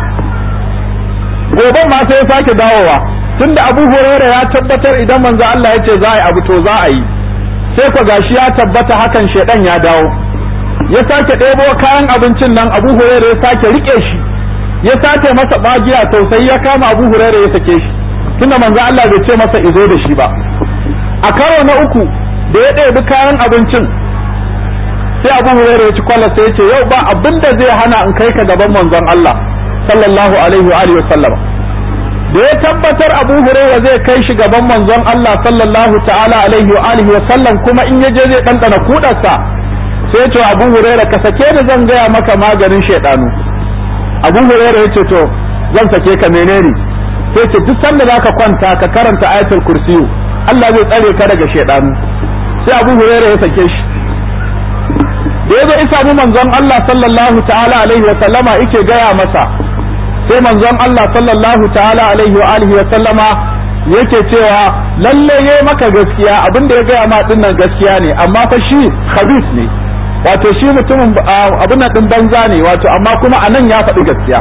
Gobe ma sai ya sake dawowa tunda Abu Hurairah ya tabbatar idan manzo Allah ya ce za a yi abu to za a yi sai ko gashi ya tabbata hakan shedan ya dawo ya sake ɗebo kayan abincin nan Abu Hurairah ya sake rike shi ya sake masa bagiya tausayi ya kama Abu Hurairah ya sake shi tunda manzo Allah bai ce masa izo da shi ba a karo na uku da ya ɗabi kayan abincin sai abu hurairu ya ci kwallo sai ce yau ba abin da zai hana in kai ka gaban manzon Allah sallallahu alaihi wa alihi da ya tabbatar abu hurairu zai kai shi gaban manzon Allah sallallahu ta'ala alaihi wa alihi wasallam kuma in yaje zai ɗanɗana kudarsa sai ce abu hurairu ka sake ni zan gaya maka maganin shaidanu abu hurairu ya ce to zan sake ka menene sai ce duk sanda zaka kwanta ka karanta ayatul kursiyu Allah zai tsare ka daga shaidanu sai Abu Hurairah ya sake shi da yazo isa mu manzon Allah sallallahu ta'ala alaihi wa sallama yake gaya masa sai manzon Allah sallallahu ta'ala alaihi wa alihi wa sallama yake cewa lalle yayi maka gaskiya abinda ya gaya ma dinnan gaskiya ne amma fa shi khabith ne wato shi mutumin ah, abin nan din banza ne wato amma kuma anan ya faɗi gaskiya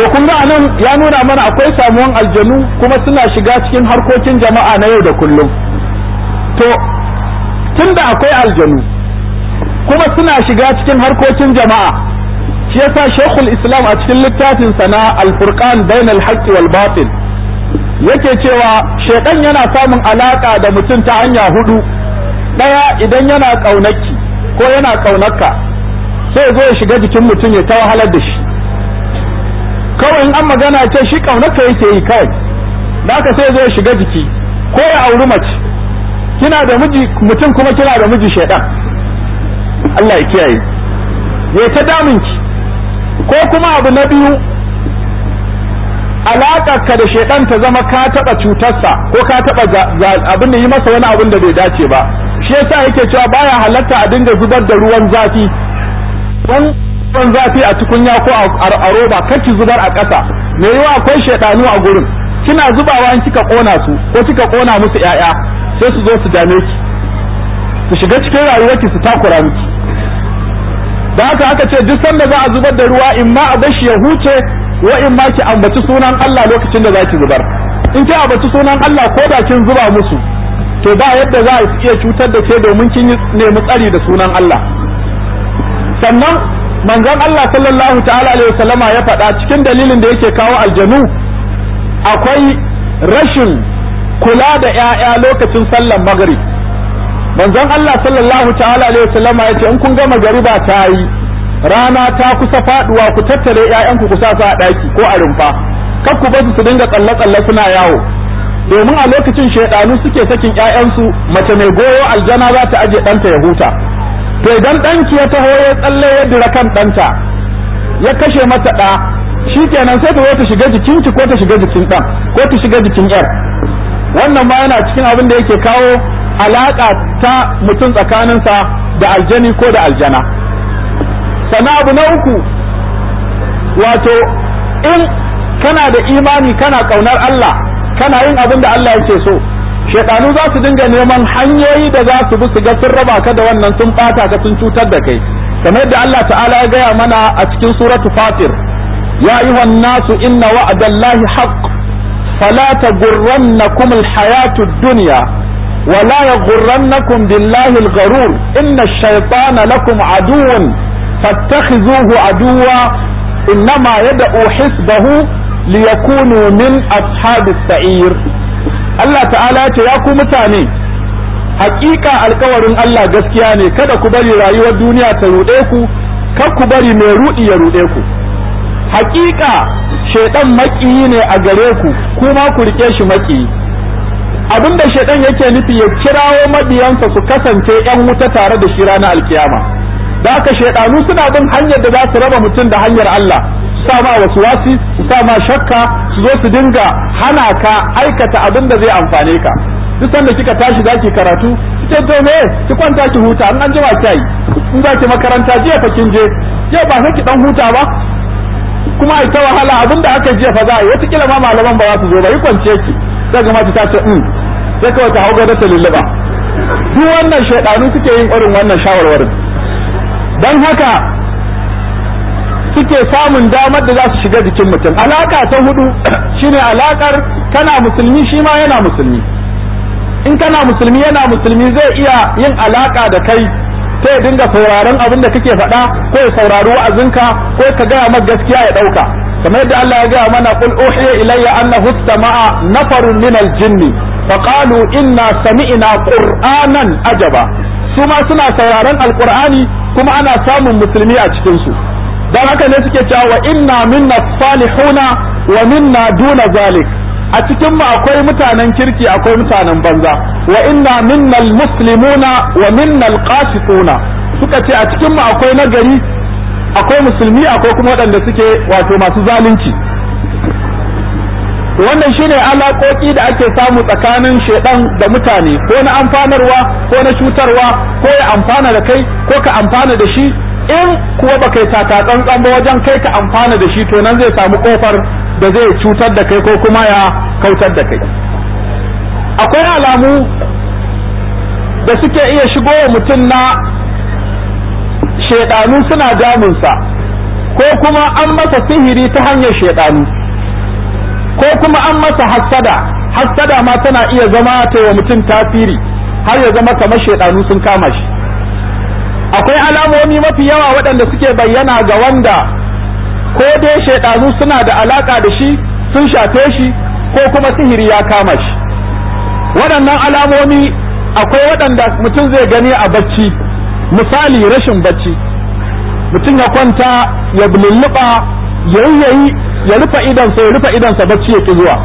to kun ga anan ya nuna mana akwai samuwan aljanu kuma suna shiga cikin harkokin jama'a na yau da kullum to tunda akwai aljanu kuma suna shiga cikin harkokin jama'a shi yasa shekul islam a cikin littafin sa na alfurqan bainal haqqi wal batil yake cewa shedan yana samun alaka da mutum ta hanya hudu daya idan yana kaunaki ko yana kaunaka sai zo ya shiga jikin mutum ya ta wahalar da shi kawai in an magana ce shi kaunarta yake yi kai da aka sai zai shiga jiki ko ya auri mace kina da miji mutum kuma kina da miji shaidan Allah ya kiyaye ya ta ki ko kuma abu na biyu alaƙarka da shaidan ta zama ka taɓa cutarsa ko ka taɓa abin da yi masa wani abin da bai dace ba shi yasa yake cewa baya halatta a dinga zubar da ruwan zafi ban zafi a tukunya ko a roba kar ki zubar a ƙasa me yawa akwai shaidanu a gurin kina zubawa in kika kona su ko kika kona musu 'ya'ya sai su zo su dame ki su shiga cikin rayuwar ki su takura miki da haka aka ce duk sanda za a zubar da ruwa in ma a bashi ya huce wa in ma ki ambaci sunan Allah lokacin da za ki zubar in ki ambaci sunan Allah ko da kin zuba musu to ba yadda za a iya cutar da ke domin kin nemi tsari da sunan Allah sannan manzon Allah sallallahu ta'ala alaihi wasallama ya faɗa cikin dalilin da yake kawo aljanu akwai rashin kula da 'ya'ya lokacin sallar maghrib manzon Allah sallallahu ta'ala alaihi wasallama yace in kun gama gariba ta yi rana ta kusa faduwa ku tattare ƴaƴanku ku su a ɗaki ko a rumfa kar ku bar su dinga tsalle tsalle suna yawo domin a lokacin shaidanu suke sakin ƴaƴansu mace mai goyo aljana za ta aje ɗanta ya huta to idan ɗanki ya taho ya tsalle ya dira kan ɗanta ya kashe mata ɗa shi kenan sai ta zo ta shiga ki ko ta shiga jikin ɗan ko ta shiga jikin yar wannan ma yana cikin abin da yake kawo alaƙa ta mutum sa da aljani ko da aljana sannan abu na uku wato in kana da imani kana ƙaunar Allah kana yin abin da Allah yake so shedanu za su dinga neman hanyoyi da za su bi su ga sun raba ka da wannan sun bata ka sun cutar da kai kamar da Allah ta'ala ya gaya mana a cikin suratu fatir ya ayyuhan nasu inna wa'dallahi haqq fala tagurrannakum alhayatud dunya ولا يغرنكم بالله الغرور إن الشيطان لكم عدو فاتخذوه عدوا إنما yad'u hisbahu liyakunu min ashabis sa'ir Allah ta'ala ce ya ku mutane hakika alkawarin Allah gaskiya ne kada ku bari rayuwar duniya ta ruɗe ku kar ku bari mai ruɗi ya ruɗe ku hakika shaidan makiyi ne a gare ku kuma ku rike shi makiyi abinda shaidan yake nufi ya kirawo mabiyansa su kasance yan wuta tare da shi ranar alkiyama da aka shaidanu suna bin hanyar da za su raba mutum da hanyar Allah su sa ma wasi su sa ma shakka su zo su dinga hana ka aikata abin da zai amfane ka duk sanda kika tashi zaki karatu ce to me ki kwanta ki huta an an jima kai in za ki makaranta jiya fa kin je jiya ba sai ki dan huta ba kuma ai ta wahala abin da aka jiya fa za a yi wata kila ma malaman ba za su zo ba yi kwance ki sai ga mata ta ce um sai kawai ta hauga ta lulluba duk wannan shaidanu suke yin irin wannan shawarwarin dan haka suke samun damar da za su shiga jikin mutum alaka ta hudu shine alakar kana musulmi shi ma yana musulmi in kana musulmi yana musulmi zai iya yin alaka da kai ta ya dinga sauraron abin da kake faɗa ko ya saurari wa'azinka ko ka gaya maka gaskiya ya ɗauka kamar yadda Allah ya gaya mana qul uhiya ilayya annahu istama'a nafarun minal jinni faqalu inna sami'na qur'anan ajaba su ma suna sauraron alqur'ani kuma ana samun musulmi a cikin su dan haka ne suke cewa wa inna minna salihuna wa minna duna zalik a cikin mu akwai mutanen kirki akwai mutanen banza wa inna minna almuslimuna wa minna alqasituna suka ce a cikin mu akwai nagari akwai musulmi akwai kuma waɗanda suke wato masu zalunci wannan shine alaƙoƙi da ake samu tsakanin shedan da mutane ko na amfanarwa ko na cutarwa ko ya amfana da kai ko ka amfana da shi in kuwa ba kai taka tsantsan ba wajen kai ka amfana da shi to nan zai samu kofar da zai cutar da kai ko kuma ya kautar da kai akwai alamu da suke iya shigo wa mutum na shaidanu suna damunsa ko kuma an masa sihiri ta hanyar shaidanu ko kuma an masa hassada hassada ma tana iya zama ta wa mutum tasiri har ya zama kamar shaidanu sun kama shi akwai alamomi mafi yawa waɗanda suke bayyana ga wanda ko dai shaidanu suna da alaka da shi sun shafe shi ko kuma sihiri ya kama shi waɗannan alamomi akwai waɗanda mutum zai gani a bacci misali rashin bacci mutum ya kwanta ya bululluɓa ya yi ya rufe idansa ya rufe idansa bacci ya ki zuwa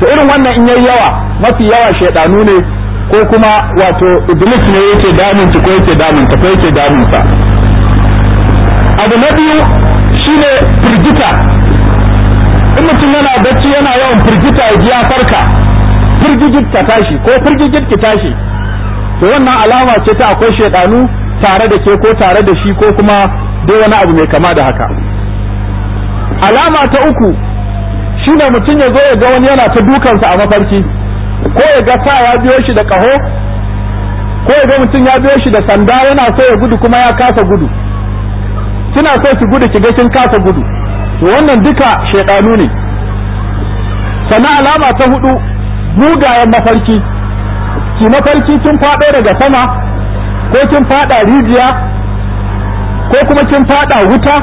to irin wannan in yayi yawa mafi yawa shaidanu ne ko kuma wato iblis ne yake damun ki ko yake damun ta ko yake damun abu na biyu shine firgita in mutum yana bacci yana yawan firgita ya ji ya farka firgigit ta tashi ko firgigit tashi to wannan alama ce ta akwai shaidanu tare da ke ko tare da shi ko kuma dai wani abu mai kama da haka alama ta uku shine mutum ya zo ya ga wani yana ta dukansa a mafarki ko ya ga sa ya biyo shi da ƙaho ko ya ga mutum ya biyo shi da sanda yana so ya gudu kuma ya kasa gudu suna so su gudu ki ga kin kasa gudu to wannan duka shaidanu ne sana alama ta hudu mugayen mafarki ki mafarki kin faɗo daga sama ko kin faɗa rijiya ko kuma kin faɗa wuta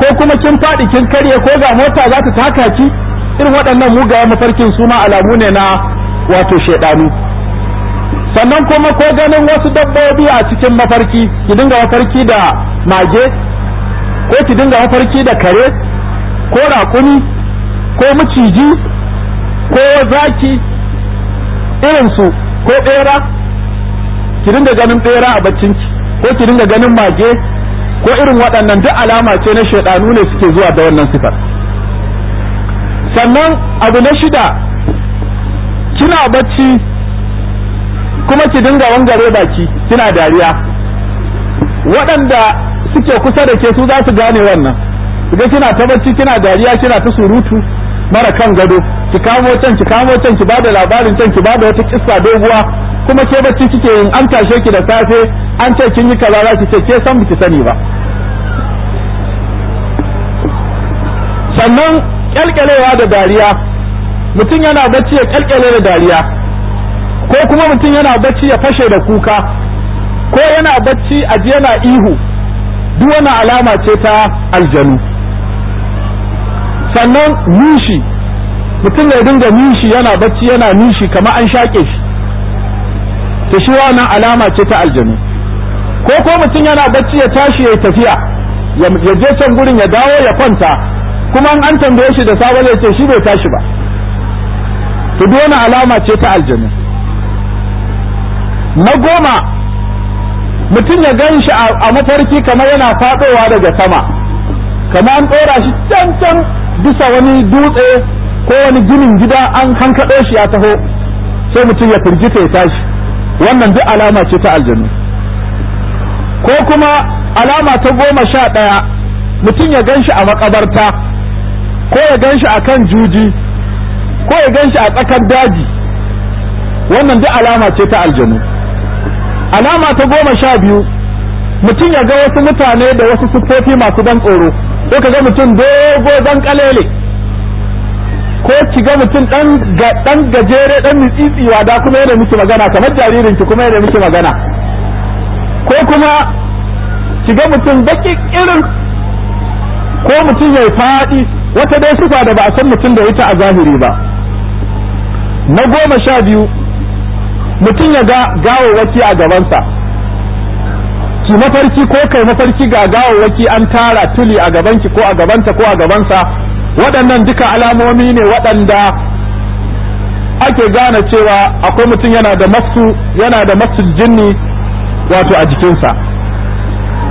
ko kuma kin faɗi kin karye ko ga mota za ta taka ki irin waɗannan mugayen mafarkin suna alamu ne na wato shaidanu sannan kuma ko ganin wasu dabbobi a cikin mafarki ki dinga mafarki da mage ko ki dinga mafarki da kare ko raƙumi ko maciji ko zaki irinsu ko ɓera ki dinga ganin ɓera a baccinki ko ki dinga ganin mage ko irin waɗannan duk alama ce na shaidanu ne suke zuwa da wannan sifar sannan abu na shida kina bacci kuma ki dinga wangare baki kina dariya waɗanda suke kusa da ke su za su gane wannan idan kina ta bacci kina dariya kina ta surutu mara kan gado ki kamo can ki kamo can ki bada labarin can ki bada wata kissa doguwa kuma ke bacci kike yin an tashe ki da safe an ce kin yi kaza za ki ce ke san biki sani ba sannan kyalkyalewa da dariya mutum yana bacci ya kyalkyale da dariya ko kuma mutum yana bacci ya fashe da kuka ko yana bacci a ji yana ihu duk wani alama ce ta aljanu sannan nishi mutum ya dinga nishi yana bacci yana nishi kamar an shaƙe shi to shi wannan alama ce ta aljanu ko ko mutum yana bacci ya tashi ya tafiya ya je can gurin ya dawo ya kwanta kuma an tambaye shi da sabon yace ce shi bai tashi ba to wani alama ce ta aljanu na goma mutum ya gan shi a mafarki kamar yana faɗowa daga sama kamar an ɗora shi cancan can bisa wani dutse ko wani ginin gida an hankaɗo shi ya taho sai mutum ya firgita ya tashi wannan duk alama ce ta aljanu ko kuma alama ta goma sha ɗaya mutum ya gan shi a makabarta ko ya gan shi a kan juji ko ya gan shi a tsakar daji wannan duk alama ce ta aljanu alama ta goma sha biyu mutum ya ga wasu mutane da wasu siffofi masu ban tsoro ko ka ga mutum dogo dan kalele ko ki ga mutum dan gajere dan mitsitsiwa da kuma yana miki magana kamar jaririn kuma yana miki magana ko kuma ki ga mutum baki irin ko mutum ya fadi wata dai sifa da ba a san mutum da ita a zahiri ba na goma sha biyu mutum ya ga gawawaki a gabansa ki mafarki ko kai mafarki ga gawawaki an tara tuli a gabanki ko a gabanta ko a gabansa waɗannan duka alamomi ne waɗanda ake gane cewa akwai mutum yana da masu yana da masu jinni wato a jikinsa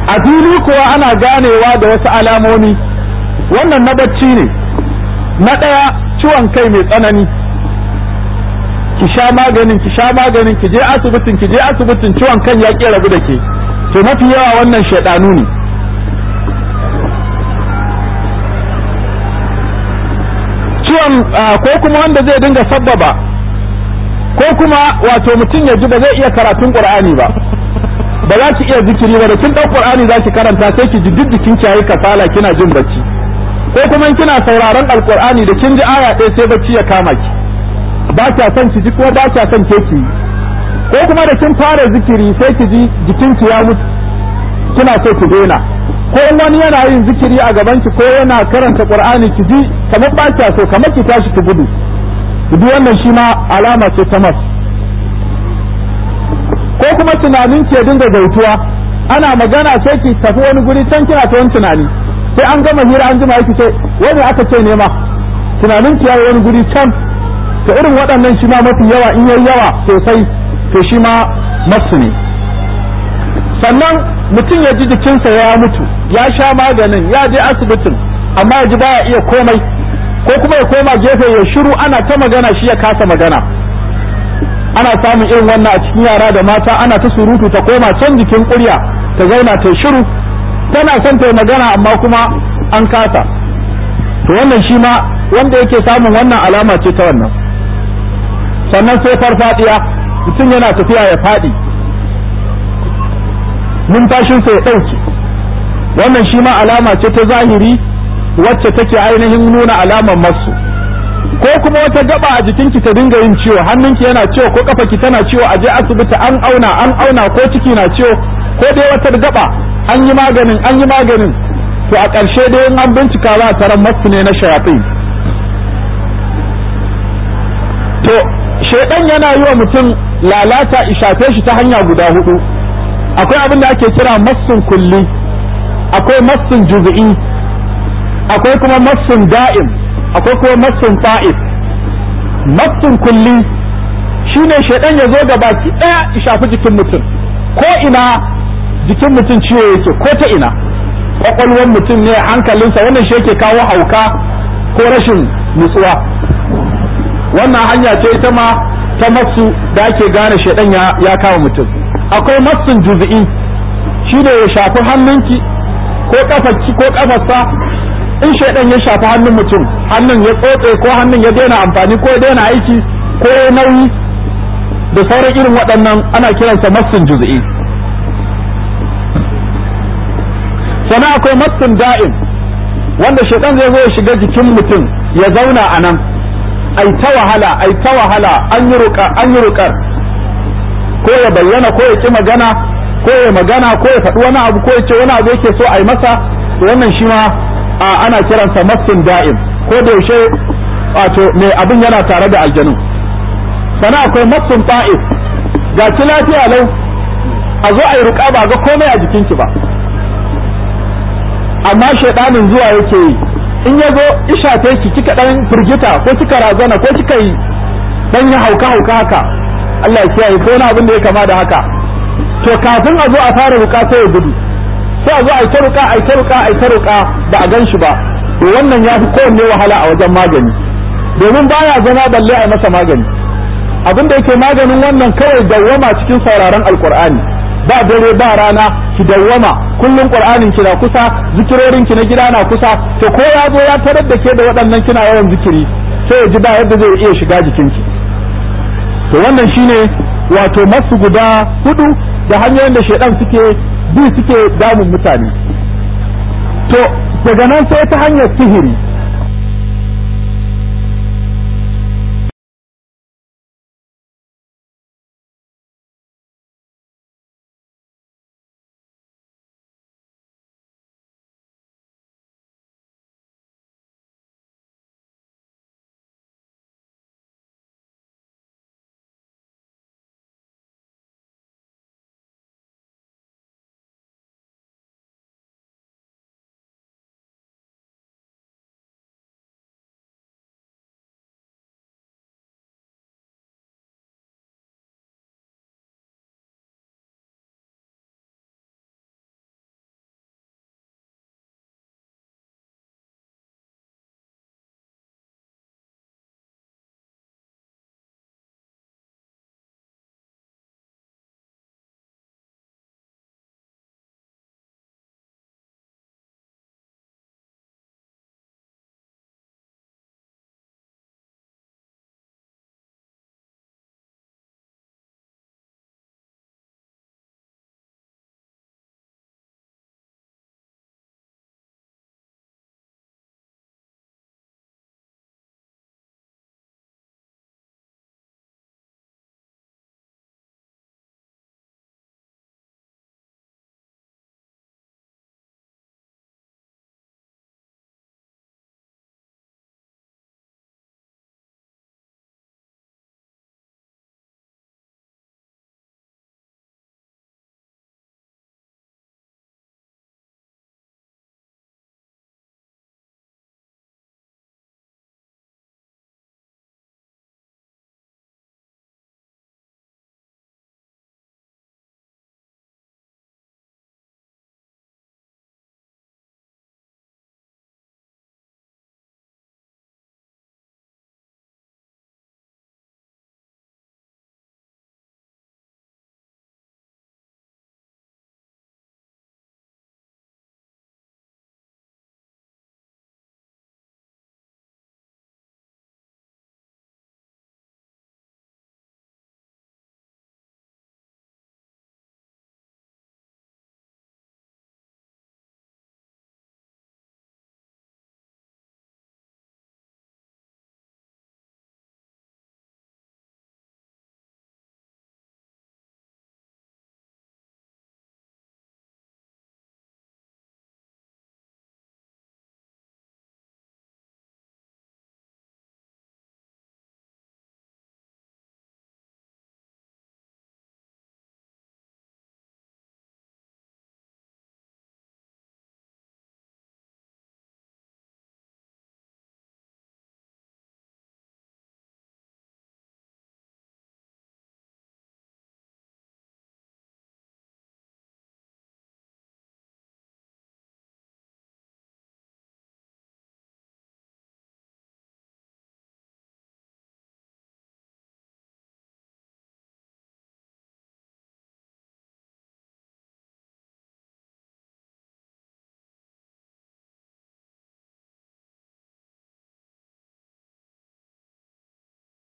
a fili kuwa ana ganewa da wasu alamomi wannan na bacci ne na ɗaya ciwon kai mai tsanani ki sha maganin ki sha maganin ki je asibitin ki je asibitin ciwon kan ya ƙera rabu da ke to mafi yawa wannan shaɗanu ne ciwon ko kuma wanda zai dinga sabbaba ko kuma wato mutum ya ji ba zai iya karatun ƙur'ani ba ba za ki iya zikiri ba da kin ɗau ƙur'ani za ki karanta sai ki ji duk jikin kasala kina jin bacci ko kuma kina sauraron alkur'ani da kin ji aya ɗaya sai bacci ya kama ki ba kya son ki ko ba kya son ke ki ko kuma da kin fara zikiri sai ki ji jikin ki ya mutu kina so ki daina ko wani yana yin zikiri a gaban ki ko yana karanta qur'ani ki ji kamar ba kya so kamar ki tashi ki gudu duk wannan shi ma alama ce ta mas ko kuma tunanin ke dinga gautuwa ana magana sai ki tafi wani guri can kina ta wani tunani sai an gama hira an jima yake ce wani aka ce nema tunanin ki wani guri can ta irin waɗannan shi ma mafi yawa in yayi yawa sosai to shi ma masu ne sannan mutum ya ji jikinsa ya mutu ya sha maganin ya je asibitin amma ya ji baya iya komai ko kuma ya koma gefe ya shiru ana ta magana shi ya kasa magana ana samun irin wannan a cikin yara da mata ana ta surutu ta koma can jikin kurya ta zauna ta shiru tana son ta magana amma kuma an kasa to wannan shi ma wanda yake samun wannan alama ce ta wannan sannan sai farfadiya mutum yana tafiya ya faɗi numfashinsa ya ɗauke wannan shi ma alama ce ta zahiri wacce take ainihin nuna alaman masu ko kuma wata gaba a jikinki ta dinga yin ciwo hannunki yana ciwo ko ki tana ciwo a je asibiti an auna an auna ko ciki na ciwo ko dai wata gaba an yi maganin an yi maganin to a ƙarshe dai in an bincika za a taron masu ne na shayatin to shaidan yana yi wa mutum lalata ishafe shi ta hanya guda hudu akwai abin da ake kira massun kulli akwai massun juzi'i akwai kuma massun da'im akwai kuma massun fa'id massun kulli shine shaidan ya zo da baki daya ishafi jikin mutum ko ina jikin mutum ciwo yake ko ta ina kwakwalwar mutum ne hankalinsa wannan shi yake kawo hauka ko rashin nutsuwa wannan hanya ce ita ma ta matsu da ake gane shaidan ya kawo mutum akwai masun juzi'i shi ne ya shafi hannunki ko kafarki ko kafarsa in shaidan ya shafi hannun mutum hannun ya tsotse ko hannun ya daina amfani ko ya daina aiki ko ya nauyi da sauran irin waɗannan ana kiransa masun juzi'i sannan akwai matsin da'in wanda shekan zai zo ya shiga jikin mutum ya zauna a nan ai ta wahala ai ta wahala an yi ruka an yi rukar ko ya bayyana ko ya ki magana ko ya magana ko ya faɗi wani abu ko ya ce wani abu yake so a yi masa to wannan shi ma ana kiransa matsin da'in ko da yaushe wato mai abin yana tare da aljanun sana akwai matsin ta'if ga ki lafiya lau a zo a yi ruka ba ga komai a jikin ki ba amma shaidanin zuwa yake yi in ya zo ishafe ki kika dan firgita ko kika razana ko kika yi dan ya hauka hauka haka Allah ya kiyaye ko wani abin da ya kama da haka to kafin a zo a fara ruka sai ya gudu sai a zo a yi ta ruka a yi ta ruka a yi ta ruka ba a gan shi ba to wannan ya fi kowanne wahala a wajen magani domin baya zama balle a masa magani abin da yake maganin wannan kawai dawwama cikin sauraron alkur'ani ba dare ba rana ki dawwama kullum qur'anin ki na kusa zikirorin ki na gida na kusa to ko ya zo ya tarar da ke da waɗannan kina yawan zikiri sai ya ji ba yadda zai iya shiga jikinki to wannan shine wato masu guda hudu da hanyoyin da shedan suke bi suke damun mutane to daga nan sai ta hanyar sihiri